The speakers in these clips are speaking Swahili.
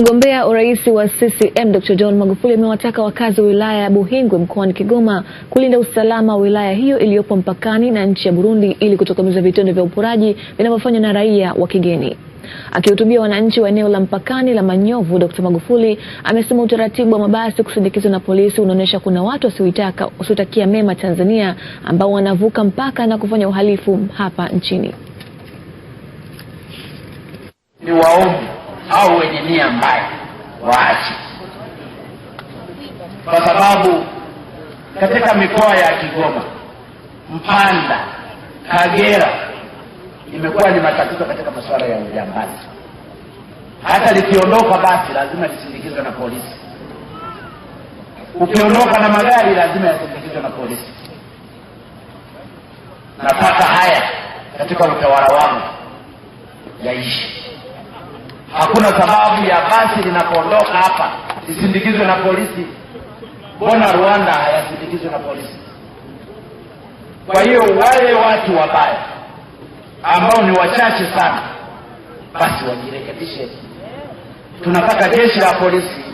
Mgombea urais wa CCM Dr. John Magufuli amewataka wakazi wa wilaya ya Buhingwe mkoani Kigoma kulinda usalama wa wilaya hiyo iliyopo mpakani na nchi ya Burundi ili kutokomeza vitendo vya uporaji vinavyofanywa na raia wa kigeni. Akihutubia wananchi wa eneo la mpakani la Manyovu, Dr. Magufuli amesema utaratibu wa mabasi kusindikizwa na polisi unaonyesha kuna watu wasiotakia mema Tanzania ambao wanavuka mpaka na kufanya uhalifu hapa nchini. Ni waovu au wenye nia mbaya waache, kwa sababu katika mikoa ya Kigoma, Mpanda, Kagera imekuwa ni matatizo katika masuala ya ujambazi. Hata likiondoka basi lazima lisindikizwe na polisi, ukiondoka na magari lazima yasindikizwe na polisi. Napata haya katika utawala wangu yaishi. Hakuna sababu ya basi linapoondoka hapa lisindikizwe na polisi. Mbona Rwanda hayasindikizwe na polisi? Kwa hiyo wale watu wabaya ambao ni wachache sana, basi wajirekebishe. Tunataka jeshi la polisi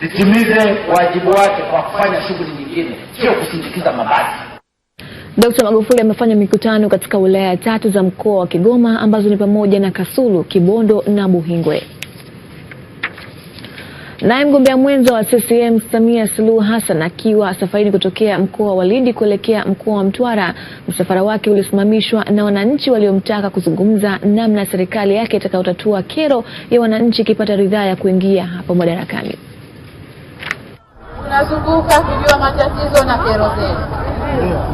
litimize wajibu wake kwa kufanya shughuli nyingine, sio kusindikiza mabasi. Dkt. Magufuli amefanya mikutano katika wilaya tatu za mkoa wa Kigoma ambazo ni pamoja na Kasulu, Kibondo na Buhingwe. Naye mgombea mwenza wa CCM Samia Suluhu Hassan akiwa safarini kutokea mkoa wa Lindi kuelekea mkoa wa Mtwara, msafara wake ulisimamishwa na wananchi waliomtaka kuzungumza namna serikali yake itakayotatua kero ya wananchi ikipata ridhaa ya kuingia hapo madarakani. Tunazunguka kujua matatizo na kero zetu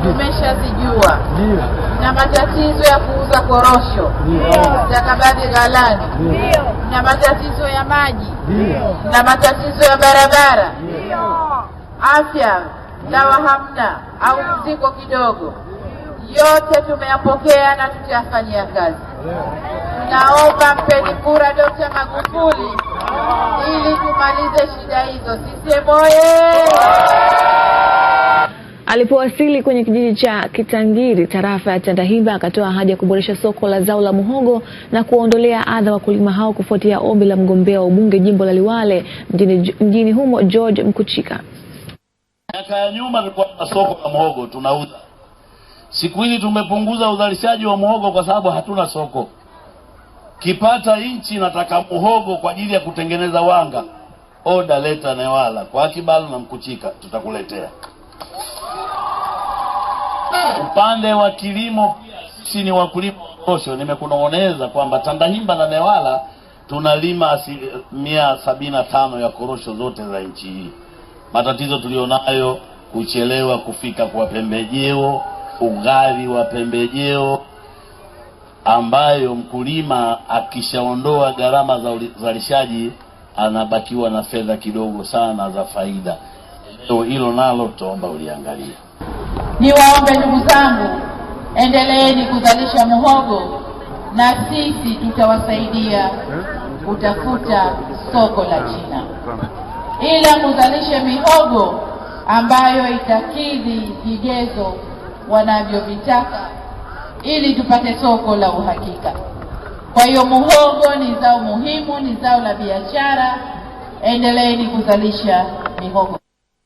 tumeshazijua na matatizo ya kuuza korosho, stakabadhi ghalani, na matatizo ya maji, na matatizo ya barabara, afya, dawa hamna au ziko kidogo. Yote tumeyapokea na tutayafanyia kazi. Naomba mpeni kura Dokta Magufuli ili tumalize shida hizo. sisemoye oye! Alipowasili kwenye kijiji cha Kitangiri, tarafa ya Tandahimba, akatoa haja ya kuboresha soko la zao la muhogo na kuwaondolea adha wakulima hao kufuatia ombi la mgombea wa ubunge jimbo la Liwale mjini, mjini humo George Mkuchika. Miaka ya nyuma ilikuwa na soko la muhogo tunauza, siku hizi tumepunguza uzalishaji wa muhogo kwa sababu hatuna soko. Kipata nchi nataka muhogo kwa ajili ya kutengeneza wanga. Oda leta Newala kwa kibalo na Mkuchika, tutakuletea upande wa kilimo sisi ni wakulima kosho. Nimekunong'oneza kwamba Tandahimba na Newala tunalima asilimia sabini na tano ya korosho zote za nchi hii. Matatizo tulionayo kuchelewa kufika kwa pembejeo, ughali wa pembejeo ambayo mkulima akishaondoa gharama za uzalishaji anabakiwa na fedha kidogo sana za faida. Hilo nalo tutaomba uliangalia. Niwaombe ndugu zangu, endeleeni kuzalisha muhogo na sisi tutawasaidia kutafuta soko la China, ila muzalishe mihogo ambayo itakidhi vigezo wanavyovitaka ili tupate soko la uhakika. Kwa hiyo muhogo ni zao muhimu, ni zao la biashara. Endeleeni kuzalisha mihogo.